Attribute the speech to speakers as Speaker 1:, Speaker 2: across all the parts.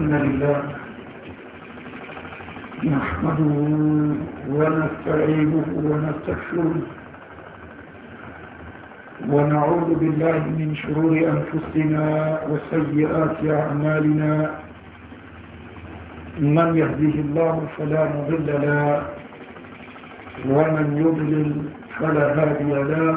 Speaker 1: الحمد لله نحمده ونستعينه ونستكشره ونعوذ بالله من شرور أنفسنا وسيئات أعمالنا من يهديه الله فلا مضل له ومن يضلل فلا هادي له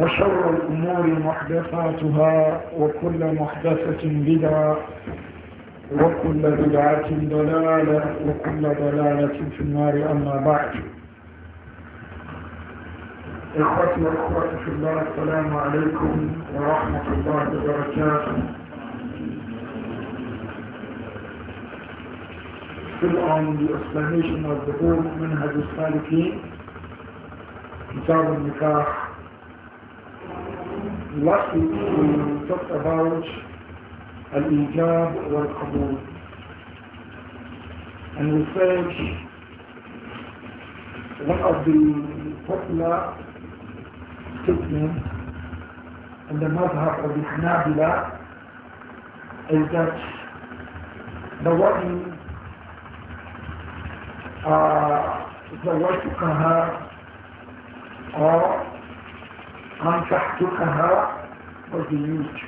Speaker 1: وشر الأمور محدثاتها وكل محدثة بدعة وكل بدعة ضلالة وكل ضلالة في النار أما بعد إخوتي وأخواتي في الله السلام عليكم ورحمة الله وبركاته Still on the explanation of the book Minhaj al-Salikin, Kitab al-Nikah, Last week we talked about Al-Ijab wal Qabul. And we said one of the popular statements in the madhab of the Hanabila is that the wadi uh, the wadi kaha or Manfahtukaha was the youth.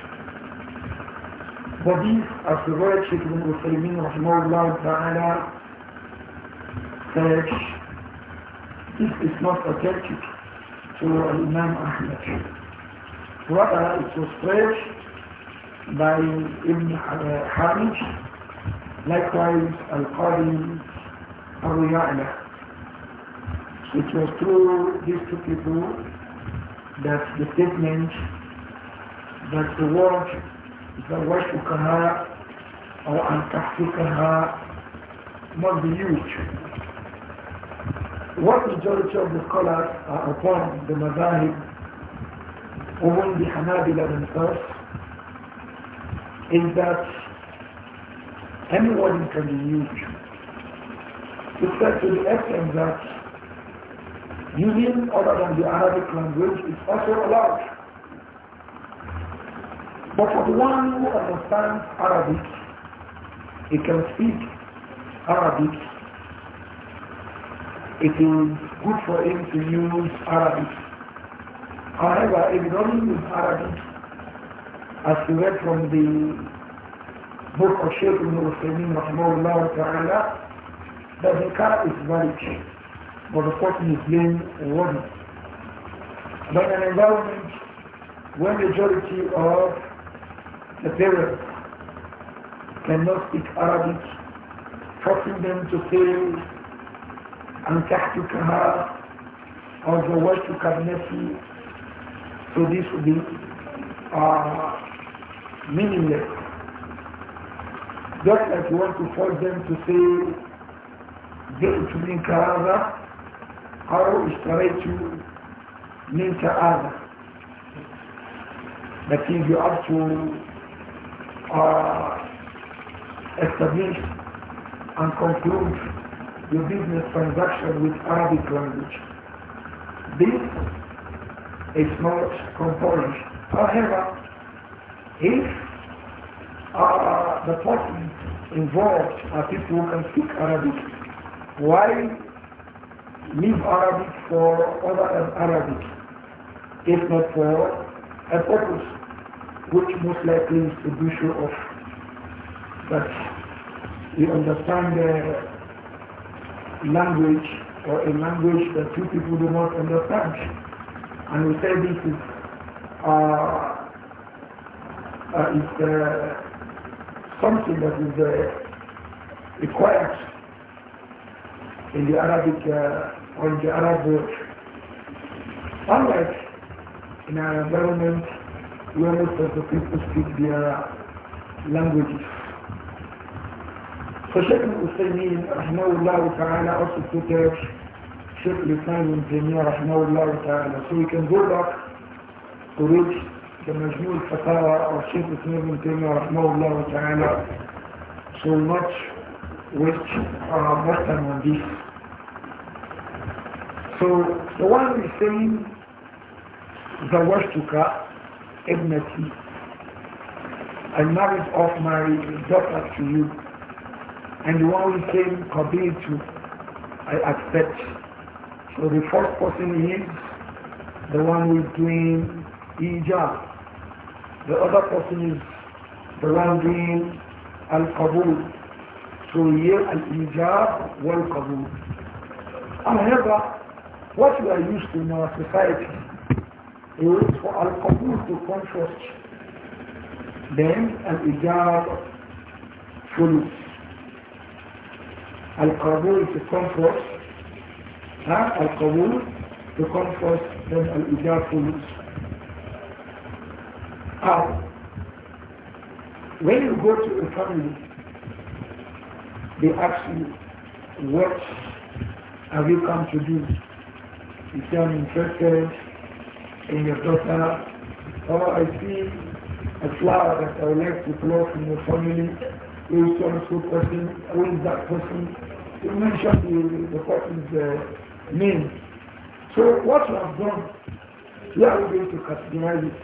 Speaker 1: But this, as the word the Ibn Uthaymeen Rahimahullah Ta'ala said, this is not authentic to Imam Rather, it was spread by Ibn Hamid, likewise Al-Qadi al It was through these two people that the statement that the word زوجتكها or أن kahar must be used what majority of the scholars are upon the Mazahib, among the Hanabila themselves, is that anyone can be used. It's to the extent that using other than the Arabic language is also allowed. But for the one who understands Arabic, he can speak Arabic. It is good for him to use Arabic. However, if he doesn't use Arabic, as we read from the book of Shaykh ibn Uthaymeen, rahmahullah ta'ala, that the car is valid but of course he is But an environment where majority of the parents cannot speak Arabic, forcing them to say أنكحتكها or to ابنتي so this would be uh, meaningless. Just like you want to force them to say بئت منك هذا أو اشتريت منك هذا That is, you have to establish and conclude your business transaction with Arabic language. This is not compulsory. However, if uh, the person involved are uh, people who can speak Arabic, why leave Arabic for other Arabic, if not for a purpose which most likely is to be sure of that you understand the language or a language that two people do not understand. And we say this is, uh, uh, is uh, something that is uh, required in the Arabic uh, on the Arab world. Unlike in our environment where most of the people speak their languages. So Sheikh Al-Husaymin, rahmahullah ta'ala, also out, Sheikh Al-Islam ibn Taymiyyah, rahmahullah ta'ala. So we can go back to reach the Majmul Fatawa of Sheikh Al-Islam ibn Taymiyyah, rahmahullah ta'ala. So much which are uh, more than on this. So the one is saying Zawashtuka Ibnati. I married off my daughter to you. And the one who saying to, I accept. So the first person is the one who is doing Ijab. The other person is the one doing al kabul. So here Al-Ijab one kabul. However, what we are used to in our society is for al couple to come them and al-ijab follows. Al-qabul to come huh? al-qabul to come then al-ijab follows. When you go to a family, they ask you, what have you come to do? if you are interested in your daughter, or I see a flower that I would like to plant in your family, who is so and person, who is that person, you mention the, the person's uh, name. So what you have done, you are going to categorize it.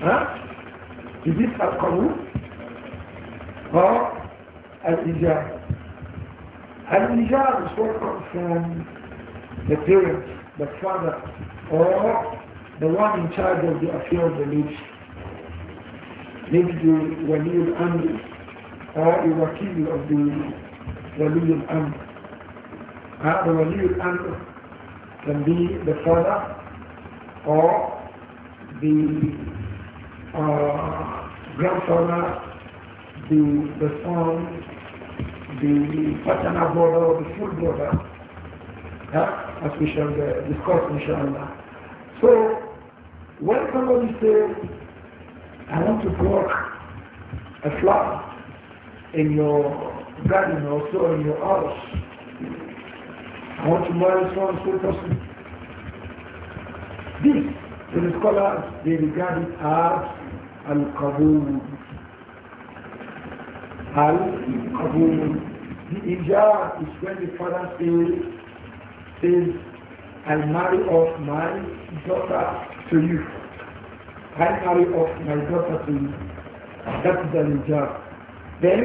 Speaker 1: Huh? Is it a kabul or an ijab? An ijab is what comes from the parent, the father, or the one in charge of the affair of the nation. Maybe the Wali al-Amr or a wakil of the Wali al-Amr. Uh, ah, the Wali al-Amr can be the father or the uh, grandfather, the, the son, the paternal brother or the full brother as we shall uh, discuss inshallah. So when somebody says, I want to grow a flower in your garden or so in your house, I want to marry so and so person. This, to the scholars, they regard it as al-qabul. Al-qabul. The ijab is when the father says, says, I marry off my daughter to you. I marry off my daughter to you. That's the Then,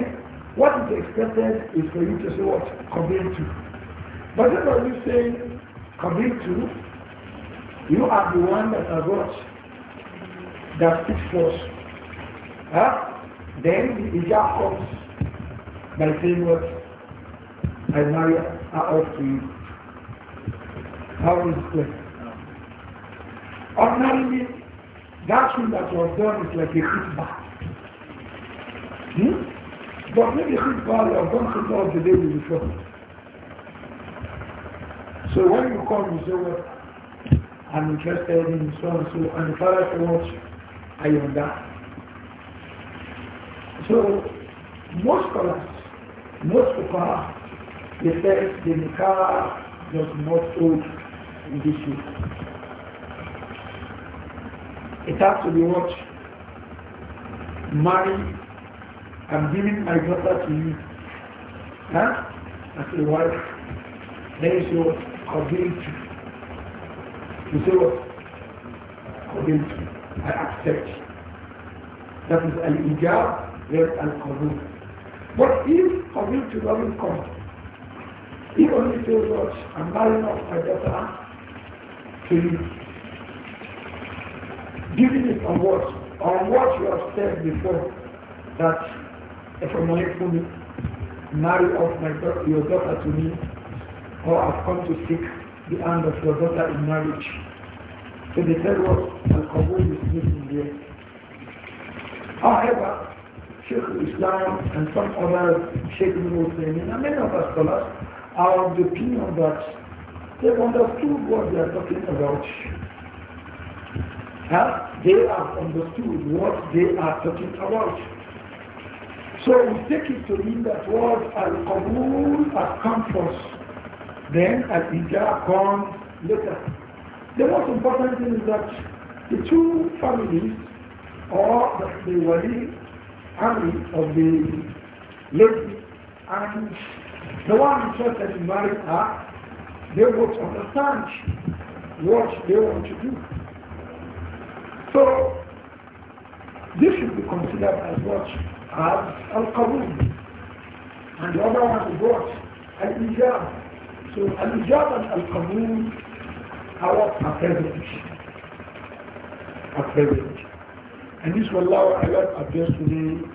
Speaker 1: what is expected is for you to say what? Commit to. But then when you say commit to, you are the one that has what? That speaks first. Huh? Then the hijab comes by saying what? I marry her off to you how is Ordinarily, that thing that was done is like a khutbah. Hmm? But maybe khutbah, you have done khutbah of the day before. So when you come, you say, well, I'm interested in so and so, and the father says, what are you on that? So, most scholars, most people, they say the car does not hold in this way. It has to be what? Married. I'm giving my daughter to you. Huh? As a wife. There is your ability. You say what? Ability. I accept. That an al-ijab, then al-qabul. But if ability doesn't come, even if you watch, I'm marrying off my daughter, to you. Giving it on what? On what you have said before that if I'm for me, marry off my daughter, your daughter to me, or I've come to seek the hand of your daughter in marriage. So the third word, Al-Qabul is missing there. However, Sheikh Islam and some other Sheikh Muslim and many of us scholars are of the opinion that they understood what they are talking about. Huh? They have understood what they are talking about. So we take it to mean that what al-qabul has first. Then al-ijab come later. The most important thing is that the two families or the, the wali army of the lady and the one interested in marrying her they to understand what they want to do. So, this should be considered as what? As al-qabul. And the other one is what? Al-ijab. So al-ijab and al-qabul are what? a present. a present. And this will allow Allah appears to be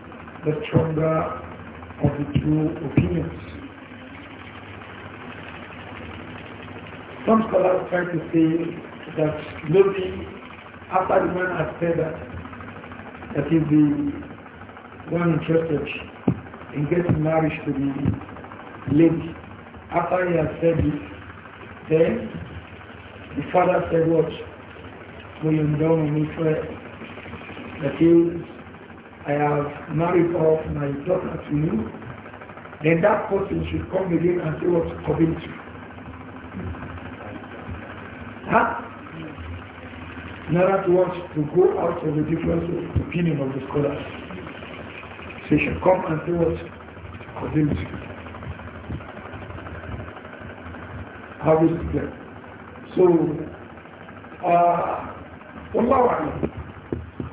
Speaker 1: the stronger of the two opinions. Some scholars try to say that maybe after the man has said that, that is the one interested in getting married to the lady. After he has said this, then the father said what? William me Israel. That is, I have married off my daughter to you. Then that person should come again and say to you. Huh? Not to want to go out of the difference of opinion of the scholars. So you come and say what? Causality. How is it there? So, uh, Allah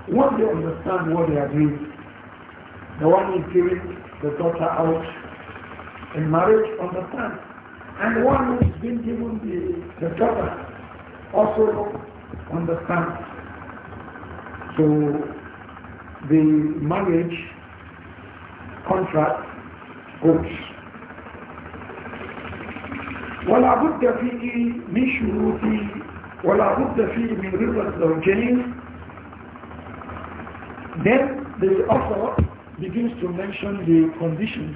Speaker 1: once they understand what they are doing, the one who giving the daughter out in marriage understands. And one who's been given the, the daughter also understand. So the marriage contract goes. ولا بد فيه من شروط ولا بد فيه من رضا الزوجين then the author begins to mention the conditions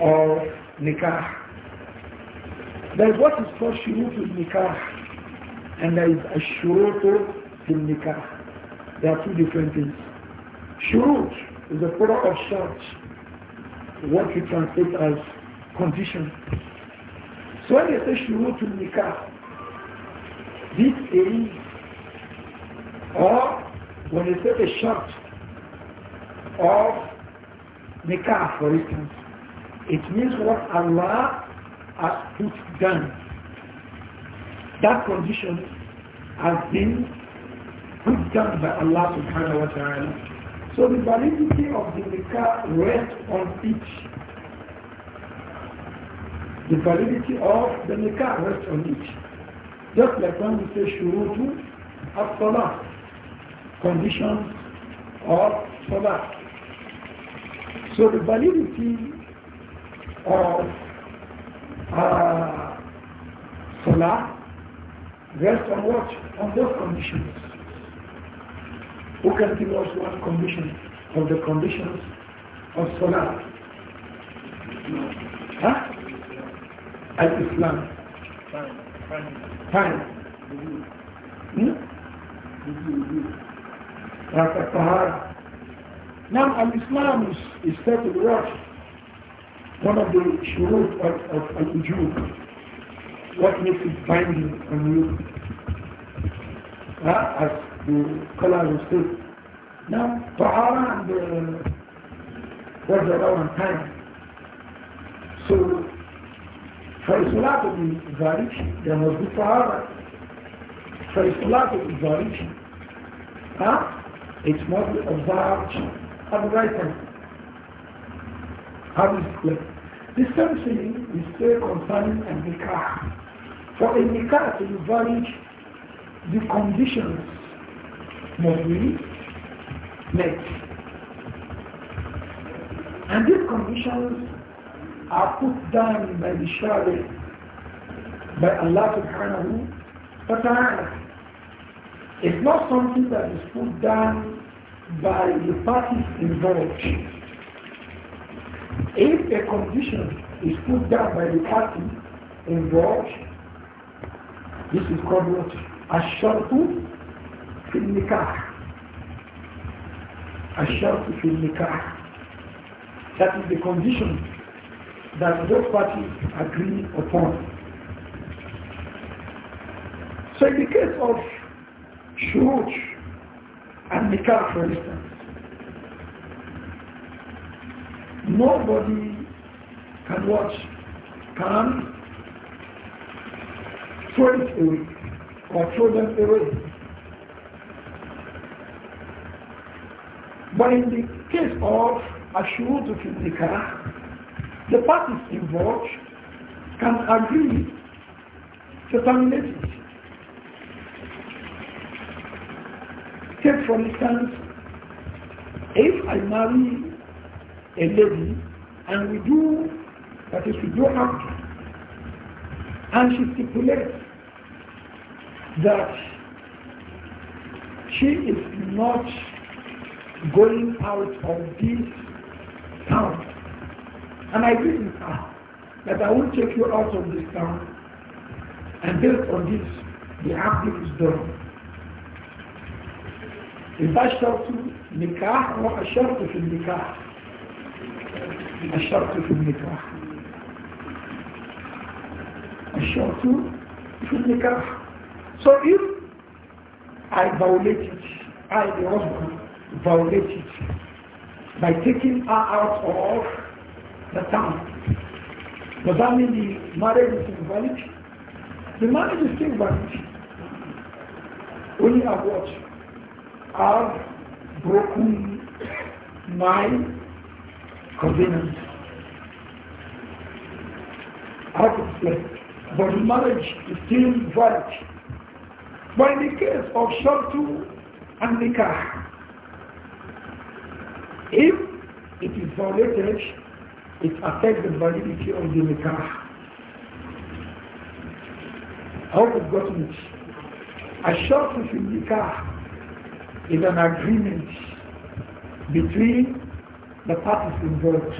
Speaker 1: of nikah that is what is called shurutul nikah and there is ashurutu fil nikah. There are two different things. Shurut is a product of shart, what we translate as condition. So when they say shurutu nikah, this is, or when they say a shart of nikah, for instance, it means what Allah has put down that condition has been put down by Allah subhanahu wa ta'ala. So the validity of the nikah rests on each. The validity of the nikah rests on each. Just like when we say shurutu as-salah, conditions of salah. So the validity of uh, salah Rest on what? On those conditions. Who can give us one condition of the conditions of Salah?
Speaker 2: Huh? Al-Islam. Time. Hmm?
Speaker 1: Al-Tahara. Now Al-Islam is, is said to be what? One of the shurut of, of Al-Ujub. What makes it binding on you? Uh, as the color will say. Now, Tahara uh, and the what's the law time. So, for Salah to be valid, there must be Tahara. For Salah to be valid, huh? it must be observed at the right time. How is it clear? The same thing is still concerning and nikah. For a nikah to be valid, the conditions
Speaker 2: must be met.
Speaker 1: And these conditions are put down by the Shari, by Allah subhanahu wa ta'ala. It's not something that is put down by the parties involved. If a condition is put down by the party involved, this is called what? Ashartu fil nikah. Ashartu fil nikah. That is the condition that both parties agree upon. So in the case of shuruj and nikah for instance, nobody can watch, can throw it away or them away. But in the case of to Fizika, the parties involved can agree to terminate it. Take for instance, if I marry a lady and we do, that is, we do act and she stipulates that she is not going out of this town. And I did with her that I will take you out of this town. And based on this, the acting is done. إذا نكاح وأشرت في النكاح أشرت في النكاح الشرط في النكاح so if I violate it I the husband violate it by taking her out of the town does that mean the marriage is invalid the marriage is still valid only have what have broken my covenant how to explain but marriage is still valid. But in the case of Shartu and Nikah, if it is violated, it affects the validity of the Nikah. I hope you've gotten it. A Shartu in Nikah is an agreement between the parties involved.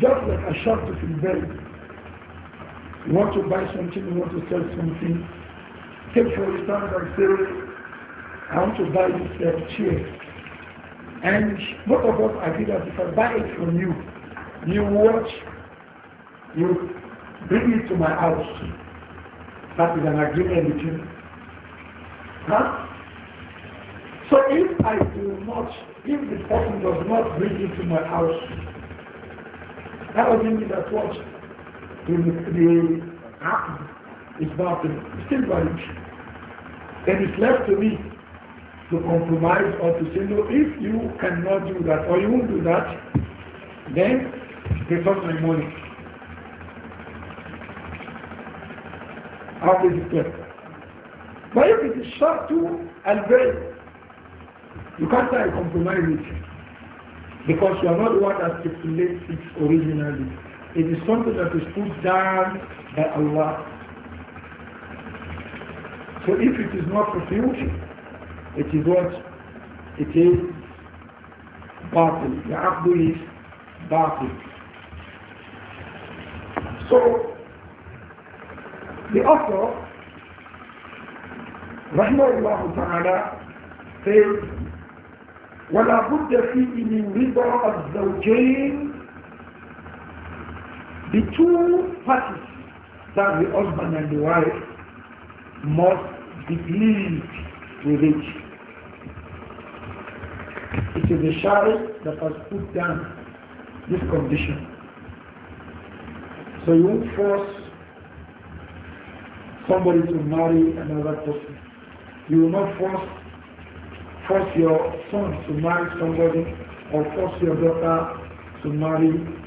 Speaker 1: Just like a Shartu in marriage. You want to buy something, you want to sell something. Take for example, and say, I want to buy this uh, chair. And both of us agree that if I buy it from you, you watch, you bring it to my house. That is an agreement between Huh? So if I do not, if the person does not bring it to my house, that doesn't mean that what the not is batil, it's still violation. and it's left to me to compromise or to say, no, if you cannot do that or you won't do that, then refund my money. How is it But if it is short to and very, you can't try to compromise it because you are not what one that stipulates it originally. It is something that is put down by Allah. So if it is not fulfilled, it is what? It is Battle, The abdu is battle. So the author, Rahmahullah Ta'ala, says, ولا بد فيه من رضا الزوجين the two parties, that the husband and the wife, must be pleased with it. It is the Sharia that has put down this condition. So you won't force somebody to marry another person. You will not force force your son to marry somebody or force your daughter to marry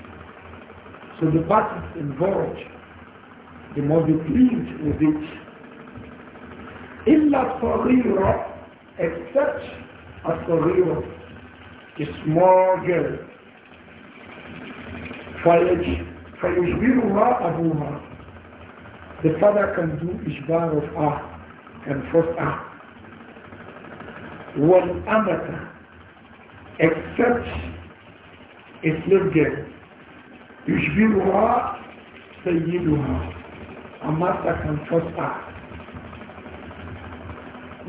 Speaker 1: so the parties involved, they must be pleased with it. for real, except الصغيرة the small girl فيجبرها أبوها the father can do إجبار of her and force a والأمة except a slave girl يشبهها سيدها a master can trust her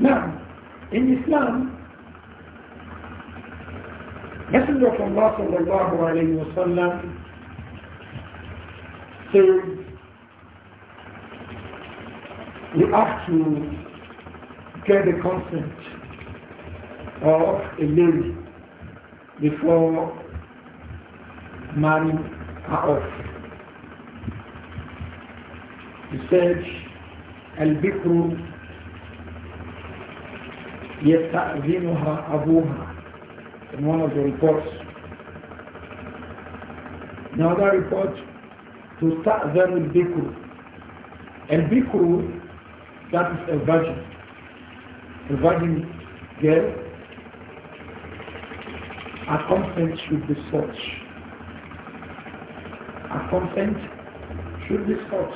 Speaker 1: now in Islam Messenger of Allah sallallahu alayhi wa sallam said we have to get the consent of a lady before marrying are off. He said, البكر in one of the reports. Another report, To And be البكر that is a virgin. A virgin girl, her content should be and consent should be sought.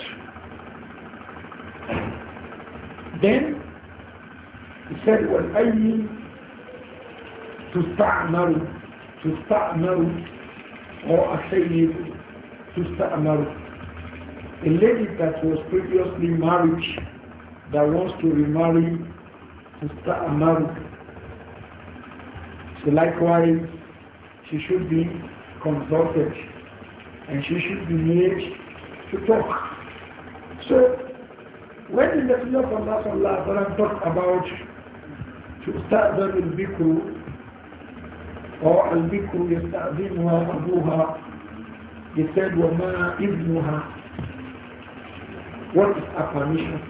Speaker 1: Then he said, I to start تستعمر or السيد تستعمر a lady that was previously married that wants to remarry to start a marriage. So likewise, she should be consulted and she should be made to talk. So, when the Messenger of Allah sallallahu alayhi talked about to start them in Bikru, or al-Bikru yasta'zinuha abuha, he said, وَمَا إِذْنُهَا What is a permission?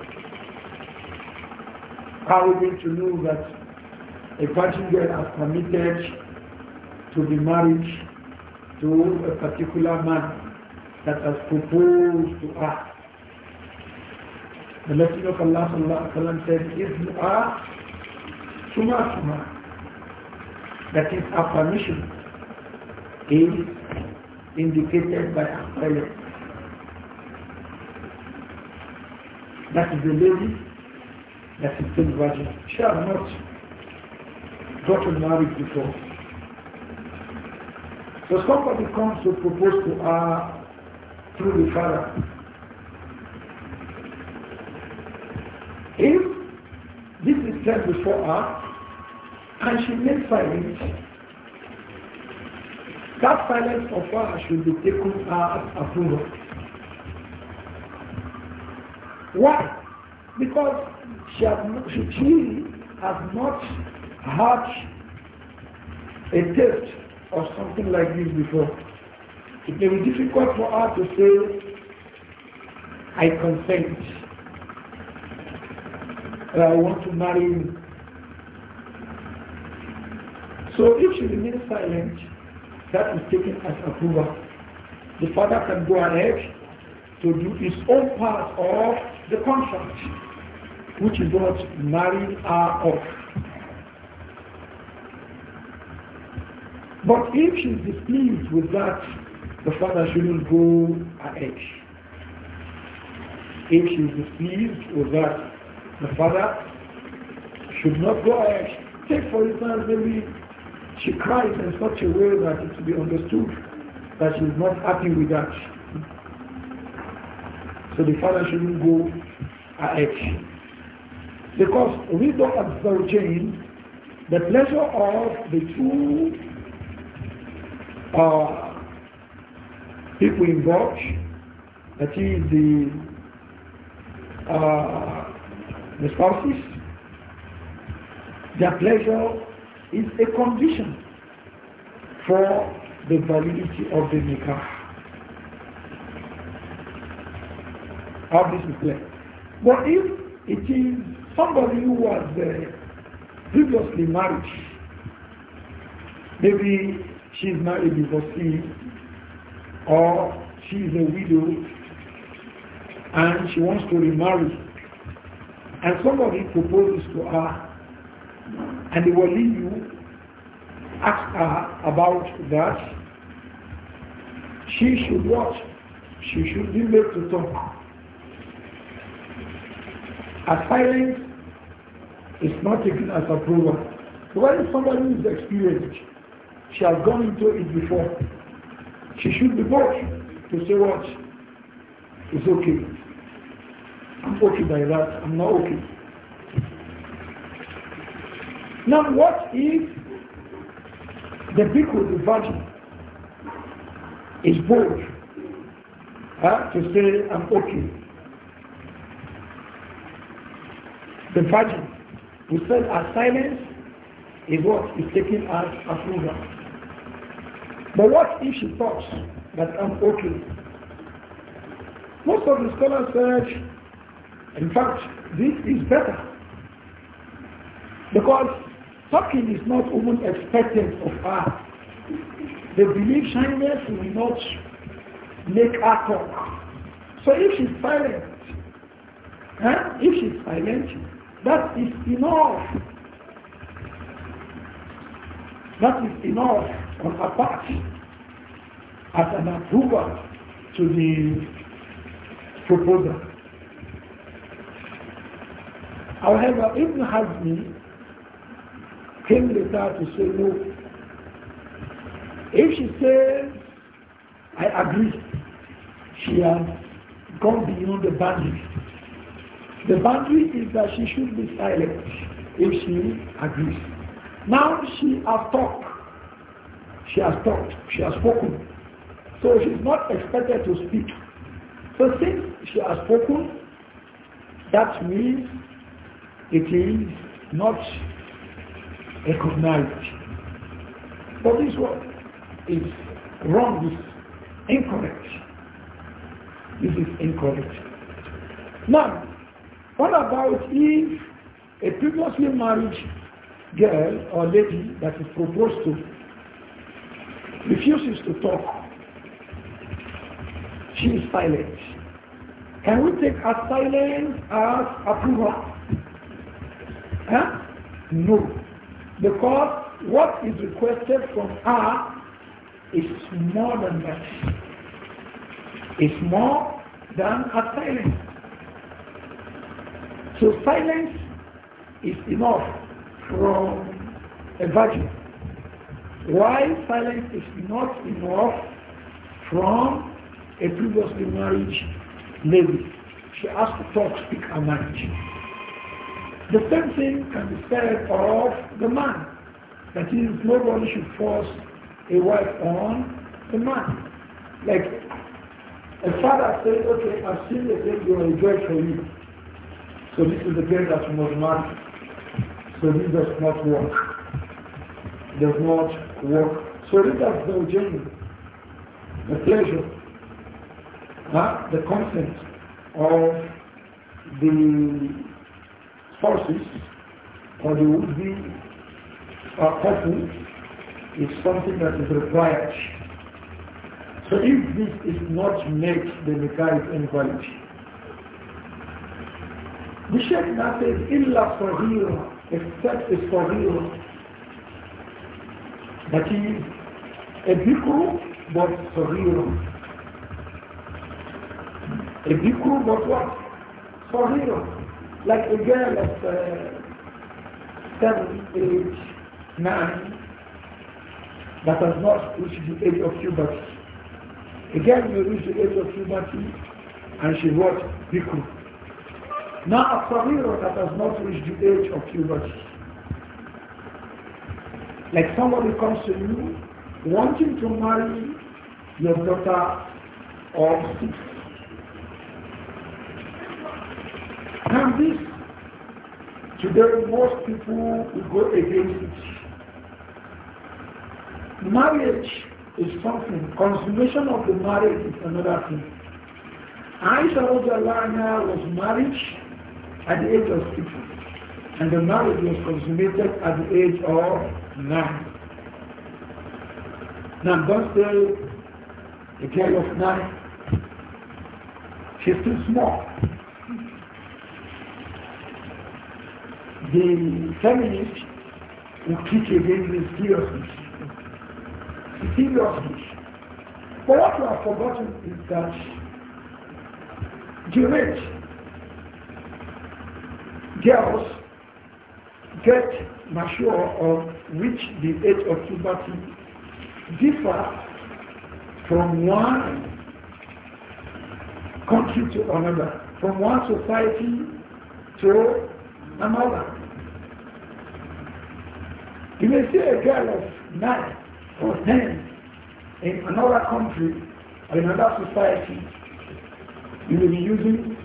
Speaker 1: How are we going to know that a virgin girl has permitted to be married to a particular man that has proposed to us. The Messenger of Allah sallallahu said, If you are suma suma, that is our permission, is indicated by our prayer. That is the lady that is still virgin. She has not gotten married before. So somebody comes to propose to her through the father. If this is said before her and she makes silence, that silence of her should be taken as approval. Why? Because she has, she has not had a taste or something like this before. It may be difficult for her to say, I consent. Or I want to marry you. So if she remains silent, that is taken as approval. The father can go ahead to do his own part of the contract, which is what marrying her off. But if she's displeased with that, the father shouldn't go ahead. If she's displeased with that, the father should not go ahead. Take for instance, maybe she cries in such a way that it should be understood that she's not happy with that. So the father shouldn't go ahead. Because we don't observe change, the pleasure of the two uh, people involved, that is the, uh, the spouses, their pleasure is a condition for the validity of the nikah. How this is played? But if it is somebody who was uh, previously married, maybe she is not a divorcee or she is a widow and she wants to remarry and somebody proposes to her and leave you ask her about that she should watch she should be made to talk a silence is not taken as approval when somebody is experienced she has gone into it before. She should be bought to say what? It's okay. I'm okay by that. I'm not okay. Now what if the bhikkhu, the virgin, is bold huh, to say I'm okay. The virgin, we said our silence is what is taking as approval. But what if she thought that I'm okay? Most of the scholars said, in fact, this is better. Because talking is not even expected of her. The belief shyness will not make her talk. So if she's silent, huh? if she's silent, that is enough that is enough on a part as an approval to the proposal. However, Ibn Hazmi came later to say no. If she says, I agree, she has gone beyond the boundary. The boundary is that she should be silent if she agrees. Now she has talked. She has talked. She has spoken. So she's not expected to speak. So since she has spoken, that means it is not recognized. But this one is wrong, is incorrect. This is incorrect. Now, what about if a previously married girl or lady that is proposed to refuses to talk. She is silent. Can we take her silence as approval? Huh? No. Because what is requested from her is more than that. It's more than a silence. So silence is enough from a virgin. Why silence is not enough from a previously married lady. She has to talk, speak and marriage. The same thing can be said of the man. That is, nobody should force a wife on the man. Like a father says, okay, I've seen the thing you enjoy for you. So this is the girl that you must marry. So this does not work. Does not work. So it has no genuine. The pleasure, huh? the consent of the forces or the would-be uh, couple is something that is required. So if this is not met, the nikah is invalid. The Sheikh now says, إِلَّا صَغِيرًا except for a he is a Bikru but real. A Bikru but what? Sabir. Like a girl of uh, 7, 9 that has not reached the age of puberty. A girl reach the age of puberty and she was Bikru. Now a Sabira that has not reached the age of puberty. Like somebody comes to you wanting to marry your daughter or six. And this, today most people will go against it. Marriage is something, consummation of the marriage is another thing. Aisha was married at the age of 60. And the marriage was consummated at the age of 9. Now don't say the girl of 9. She's too small. The feminists will kick against this seriousness. Seriousness. But what you have forgotten is that the girls get mature or reach the age of puberty differ from one country to another, from one society to another. You may see a girl of nine or ten in another country or in another society, you will be using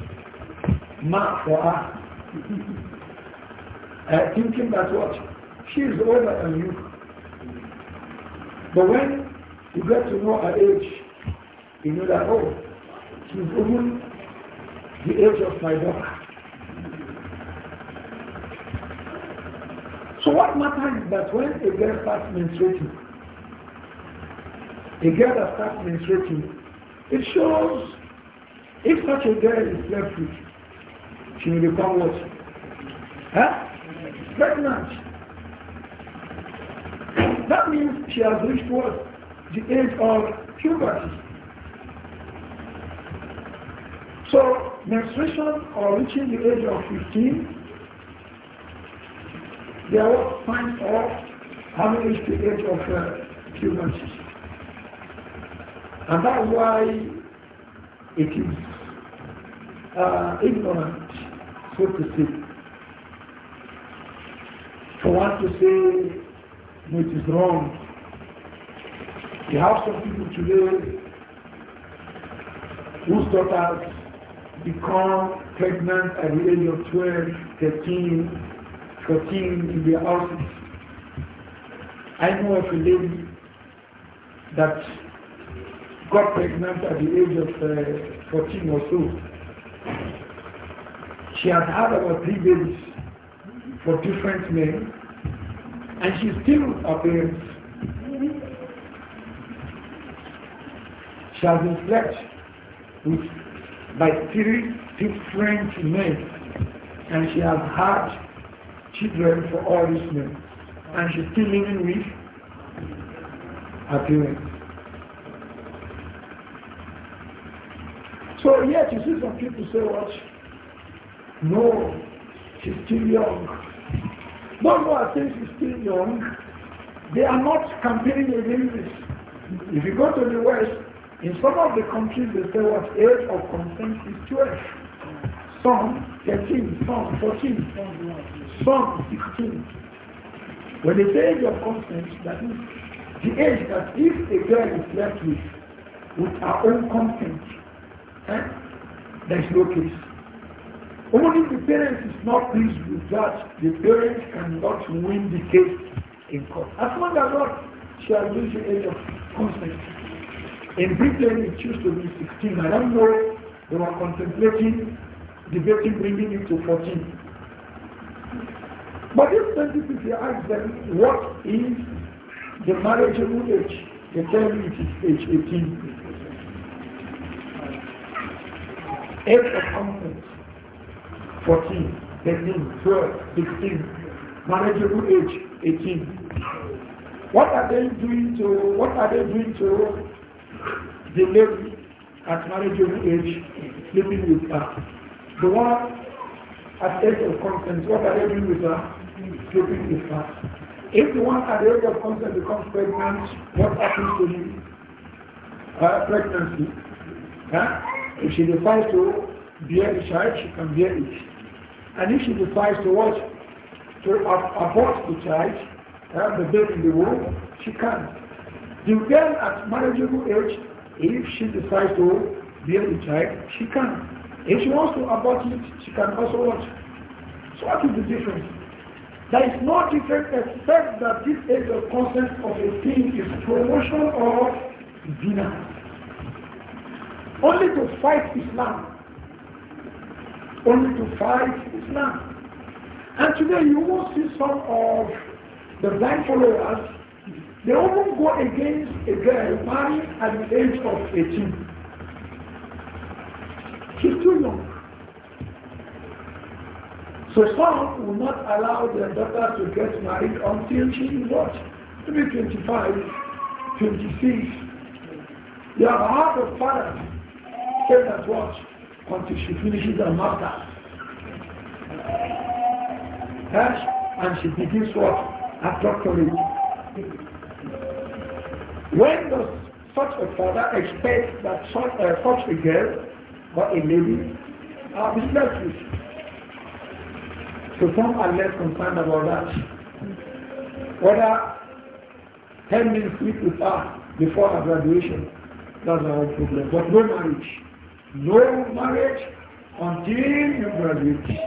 Speaker 1: math for her uh, thinking that what? She is older than you. But when you get to know her age, you know that, oh, she's even the age of my daughter. So what matters is that when a girl starts menstruating, a girl that starts menstruating, it shows if such a girl is left with she will become what? Huh? Pregnant. That means she has reached what? The age of puberty. So menstruation or reaching the age of 15, they are all signs of having reached the age of uh, puberty. And that's why it is uh, ignorant so to For one to say, which is wrong. We have some people today whose daughters become pregnant at the age of 12, 13, 14 in their houses. I know of a lady that got pregnant at the age of uh, 14 or so. She has had about three babies for different men, and she still appears. She has been slept with by three different men, and she has had children for all these men, and she's still living with her parents. So yet you see some people say, what? No, she's still young. Don't who I think she's still young, they are not campaigning against this. If you go to the West, in some of the countries they say what age of consent is 12. Some 13, some 14, some 16. When they say age of consent, that is the age that if a girl is left with, with her own consent, eh, there is no case. Only the parent is not pleased with that, the parent cannot win the case in court. As long as what she has reached the age of consent. In Britain, it used to be 16. I don't know. They were contemplating debating bringing it to 14. But if scientists, if ask them, what is the marriageable age? They tell you it is age 18. Age of consent. 14, 13, 12, 16, manageable age, 18. What are they doing to what are they doing to the lady at manageable age sleeping with her? The one at age of consent, what are they doing with her? Sleeping with her. If the one at the age of consent becomes pregnant, what happens to him? Uh, pregnancy. Huh? If she decides to bear a child, she can bear it. And if she decides to watch, to abort the child, uh, the baby in the womb, she can. The girl at marriageable age, if she decides to bear the child, she can. If she wants to abort it, she can also watch. So what is the difference? There is no difference except that this is a concept of a thing is promotion of dinner. Only to fight Islam only to fight Islam. And today you will see some of the blind followers, they even go against a girl married at the age of 18. She's too young. So some will not allow their daughter to get married until she is what? Maybe 25, 26. They have heard of father say that what? until she finishes her master's. Yes? And she begins what? Her doctorate. When does such a father expect that such, uh, such a girl or a lady are businesses? So some are less concerned about that. Whether 10 minutes sleep with her before her graduation, that's our problem. But no marriage. No marriage until you graduate.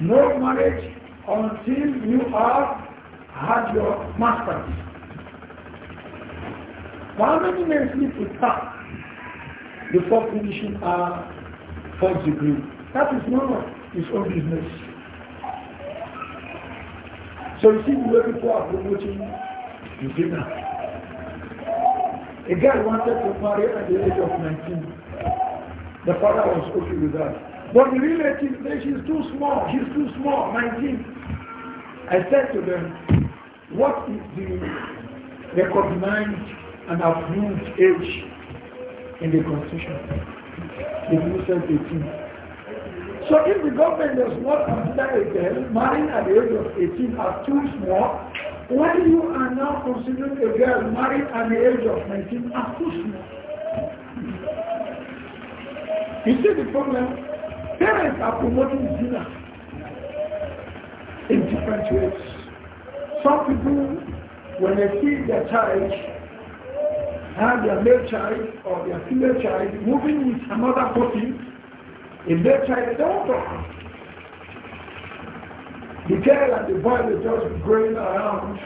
Speaker 1: No marriage until you have had your master's. How many men sleep with her before finishing her fourth degree? That is normal. It's own business. So you see the way people are promoting the dinner. A girl wanted to marry at the age of 19. The father was okay with that. But the relative said, she's too small, she's too small, 19. I said to them, what is the recognized and approved age in the constitution? The people said 18. So if the government does not consider a girl marrying at the age of 18 as too small, when you are now considering a girl marrying at the age of 19 as too small, You see the problem? Parents are promoting dinner in different ways. Some people, when they see their child, have their male child or their female child moving with another person, if their child they don't talk. The girl and the boy are just going around.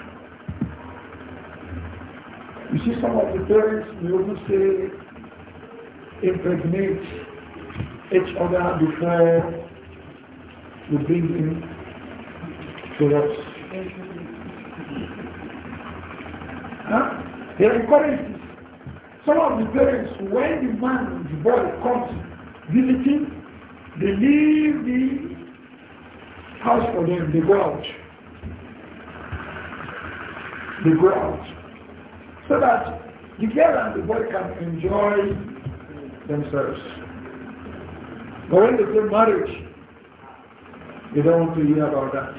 Speaker 1: You see some of the parents, you even say, impregnate each other before we bring him to us. Huh? They encourage this. Some of the parents, when the man, the boy comes visiting, they leave the house for them, they go out.
Speaker 2: They go out.
Speaker 1: So that the girl and the boy can enjoy themselves. But when they say marriage, they don't want to hear about that.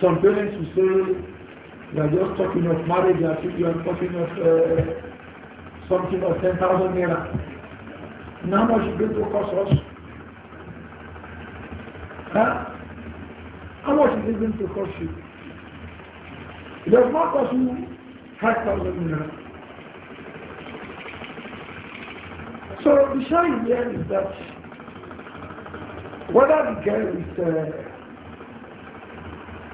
Speaker 1: Some parents will say, you are just talking of marriage you are talking of uh, something of 10,000 naira. Now much it to cost us? Huh? How much is it going to cost you? It does not cost you 5,000 naira. So the shine here is that whether the girl is uh,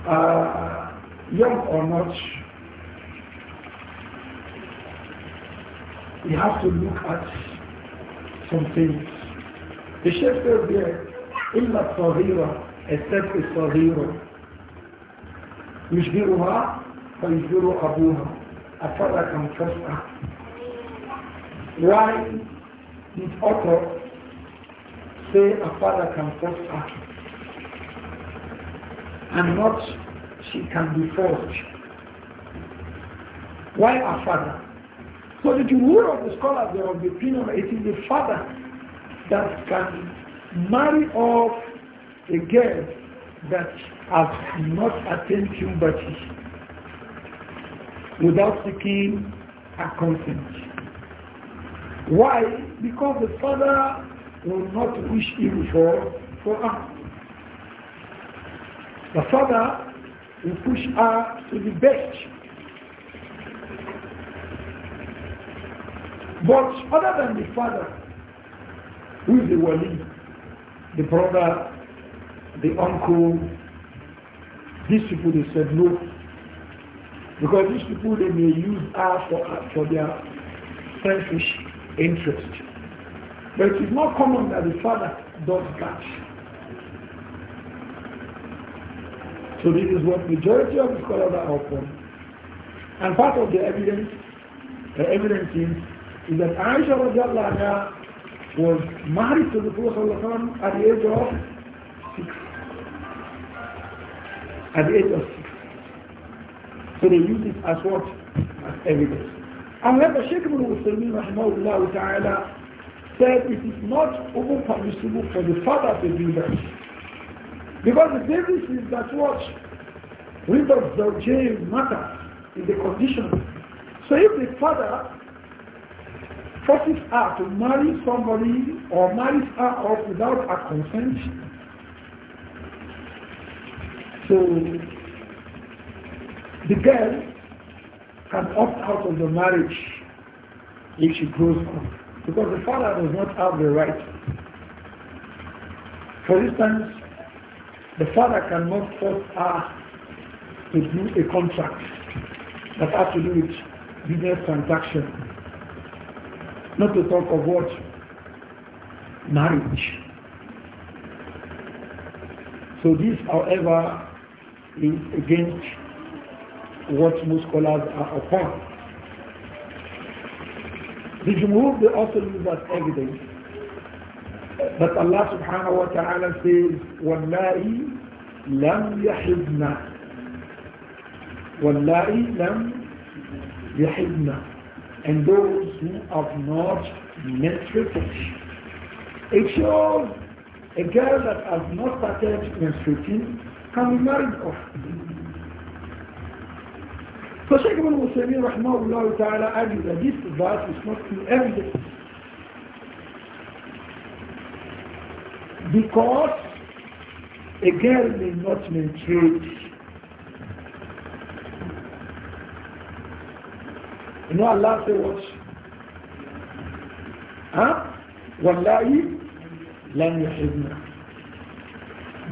Speaker 1: uh, young or not, we have to look at some things. The Sheikh says there, إلا الصغيرة except الصغيرة يشبرها فيشبر أبوها أفرق أم تسعى Why the author say a father can force her and not she can be forced. Why a father? So the rule of the scholars they of the opinion it is the father that can marry off a girl that has not attained puberty without seeking her consent. Why? Because the father will not wish evil for, for her. The father will push her to the best. But other than the father, who is the wali, the brother, the uncle, these people they said no. Because these people they may use her for, for their selfish interest. But it is not common that the father does that. So this is what majority of the scholars are upon. And part of the evidence, the evidence is, is that Aisha anha was married to the Prophet at the age of six. At the age of six. So they use it as what? As evidence the Sheikh Muslimin rahimahullah ta'ala said it is not even for the father to do Because the basis is that what? Rivers the jail matter in the condition. So if the father forces her to marry somebody or marries her off without her consent, so the girl can opt out of the marriage if she grows up. Because the father does not have the right. For instance, the father cannot force her to do a contract that has to do with business transaction. Not to talk of what? Marriage. So this, however, is against what most scholars are upon. The Jumhur, they also use that evidence. But Allah subhanahu wa ta'ala says, وَاللَّهِ لَمْ يَحِبْنَا وَاللَّهِ لَمْ يَحِبْنَا And those who have not menstruated. It shows a girl that has not started menstruating can be married off. So Shaykh al Musaymin rahmahullah ta'ala argued that this verse is not in evidence. Because a girl may not menstruate. You know Allah say what? Huh? Wallahi lan yuhibna.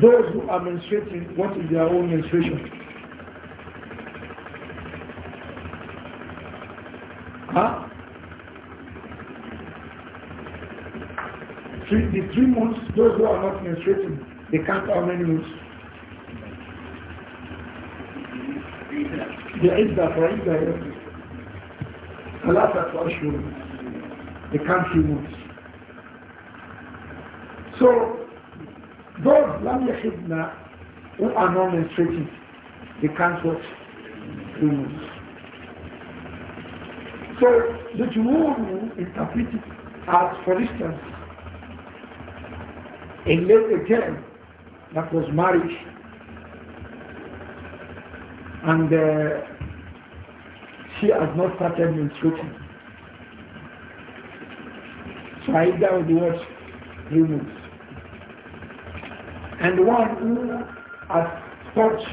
Speaker 1: Those who are menstruating, what is their own menstruation? three, the three months, those who are not menstruating, they count how many months? The Idda for Idda, Salata for Ashur, they count three So, those Lam Yahidna who are not menstruating, they count what? Three months. So, the Jumur interpret as, for instance, in later term, that was marriage. And uh, she has not started menstruating. So I doubt what removes. And one who has touched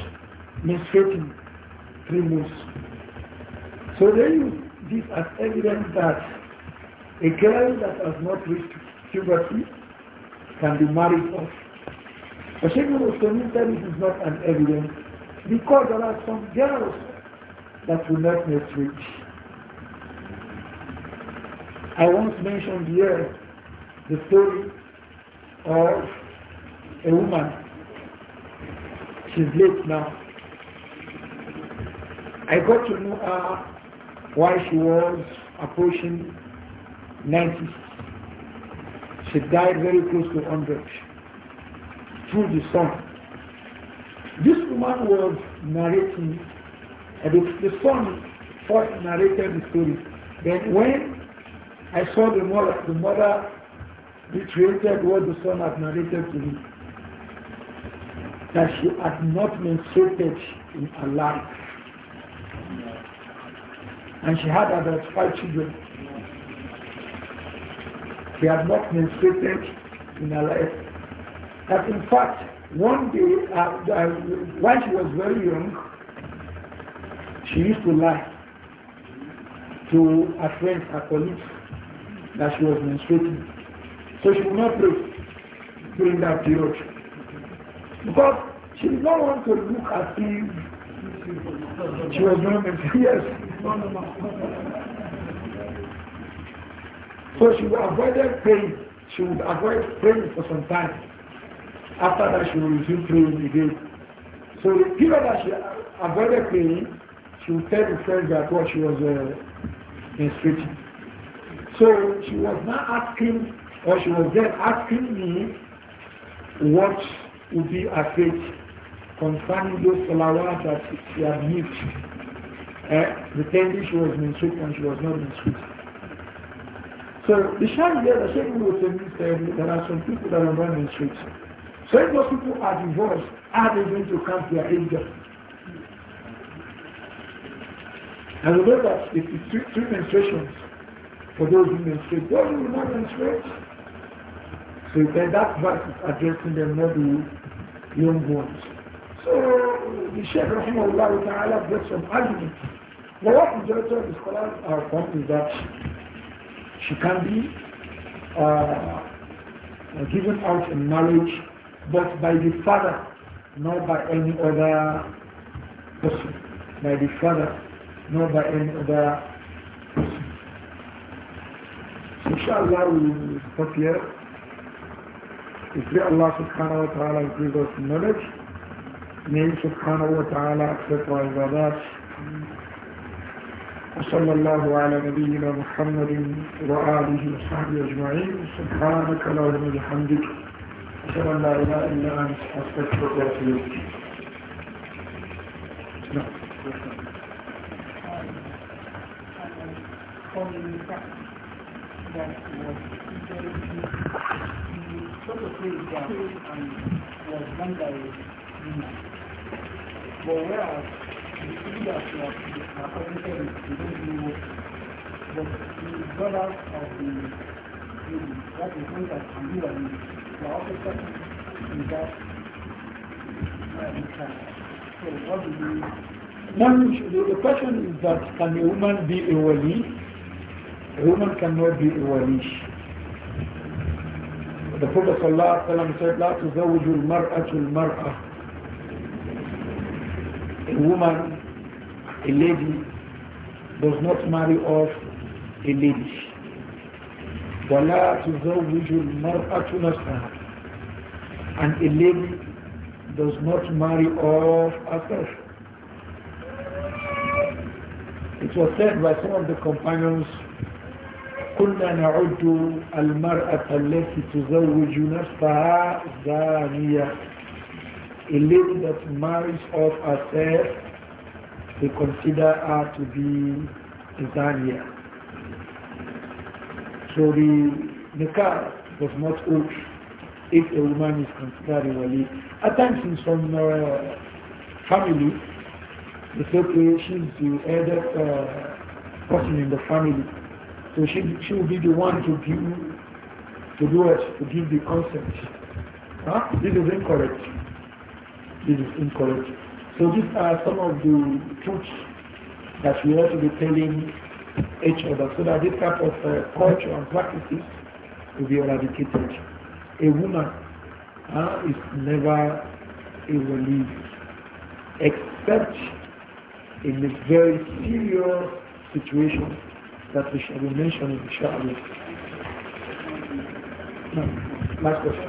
Speaker 1: menstruating removes. So they use this as evidence that a girl that has not reached puberty can be married off. But Sheikh Muslimin said is not an evidence because there are some girls that will not make rich. I once mentioned here the story of a woman. She's late now. I got to know her while she was approaching 90 she died very close to 100 through the son. This woman was narrating, and the son first narrated the story. Then when I saw the mother, the mother reiterated what the son had narrated to me, that she had not menstruated in her life. And she had about five children. She had not menstruated in her life. That in fact, one day, uh, uh, when she was very young, she used to lie to her friends, her colleagues, that she was menstruating. So she would not pray during that period. Because she did not want to look as if
Speaker 2: she was not menstruating. Yes.
Speaker 1: So she avoided praying. She would avoid praying for some time. After that, she would resume praying again. So the period that she avoided praying, she would tell the friends that what she was uh, menstruating. So she was not asking, or she was then asking me what would be her fate concerning those salawat that she had missed. Eh? Pretending she was menstruating and she was not menstruating. So the Sharia, the Shaykh will said there are some people that are running the streets. So if those people are divorced, are they going to come to their Asia? And we know that if it's three, three menstruations for those who menstruate, those who will not menstruate. So then that verse is addressing them, not the young ones. So the Shaykh Rahimahullah Ta'ala brought some arguments. But what majority of the scholars are upon is that she can be uh, given out in marriage, but by the father, not by any other person. By the father, not by any other person. So inshallah, we'll stop here. We Allah subhanahu wa ta'ala gives us knowledge. May subhanahu wa ta'ala accept our ibadat. وصلى الله على نبينا محمد وآله وصحبه أجمعين سبحانك اللهم وبحمدك
Speaker 2: أشهد أن لا إله إلا أنت أستغفرك وأتوب But whereas the
Speaker 1: question is that can a woman be a wali? A woman cannot be a wali. The Prophet ﷺ said, لا تزوج المرأة المرأة a woman, a lady, does not marry off a lady. وَلَا تُزَوِّجُ الْمَرْأَةُ نَفْسَهَا And a lady does not marry off herself. It was said by some of the companions, كنا نعد المرأة التي تزوج نفسها زانية a lady that marries off herself, they consider her to be a Zania. So the nikah was not hold if a woman is considered a wali. At times in some uh, family, they say okay, she's the elder uh, person in the family. So she, she will be the one to give to do it, to give the consent. Huh? This is incorrect. This is incorrect. So these are some of the truths that we ought to be telling each other so that this type of uh, culture and practices will be eradicated. A woman uh, is never a wali except in a very serious situation that we shall be mentioning shortly.
Speaker 2: Last question.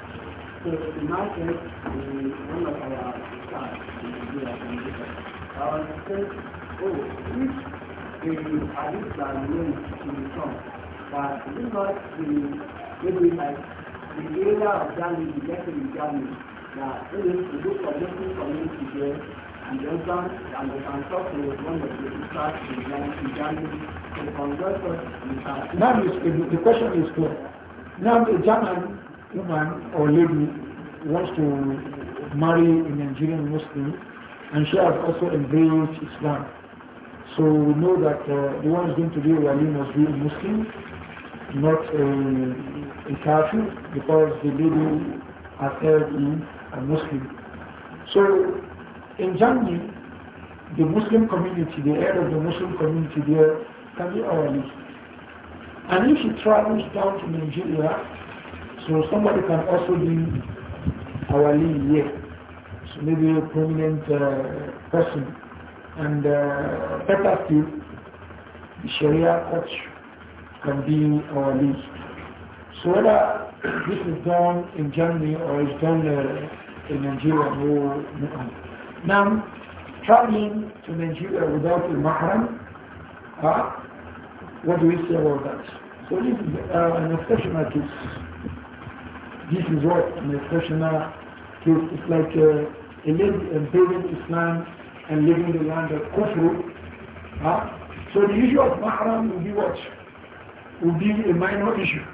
Speaker 2: So in my case, one of our staff in Nigeria from Japan, I was saying, oh, if the Hadith are known to but the, maybe like the area of Germany, the get in Germany, that it is to for different community there, and then come and we can talk to one of the experts in And
Speaker 1: the question is good. Now, the German woman or lady wants to marry a Nigerian Muslim and she has also embraced Islam. So we know that uh, the one is going to be a wali must be a Muslim, not a, a Kafir, because the lady has held in a Muslim. So in Germany, the Muslim community, the head of the Muslim community there can be a wali. And if she travels down to Nigeria, so somebody can also be our lead here. So maybe a prominent uh, person. And uh, better still, the Sharia coach can be our lead. So whether this is done in Germany or done uh, in Nigeria, no, no. Now, traveling to Nigeria without a mahram, huh? what do we say about that? So this is uh, an exceptional case. This is what an exceptional case It's like uh, a lady embracing Islam and living the land of Kufru. Huh? So the issue of Mahram will be what? Will be a minor issue.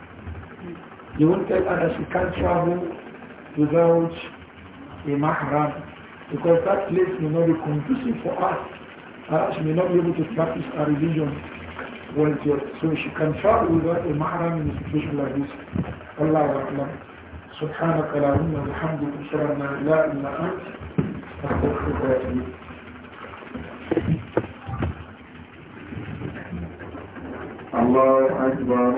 Speaker 1: You won't tell others you can't travel without a Mahram because that place may not be conducive for us. Uh, she may not be able to practice our religion well So she can travel without a mahram in a situation like this. Allah Akbar. سبحانك اللهم وبحمدك
Speaker 2: اشهد ان لا اله الا انت استغفرك واتوب الله اكبر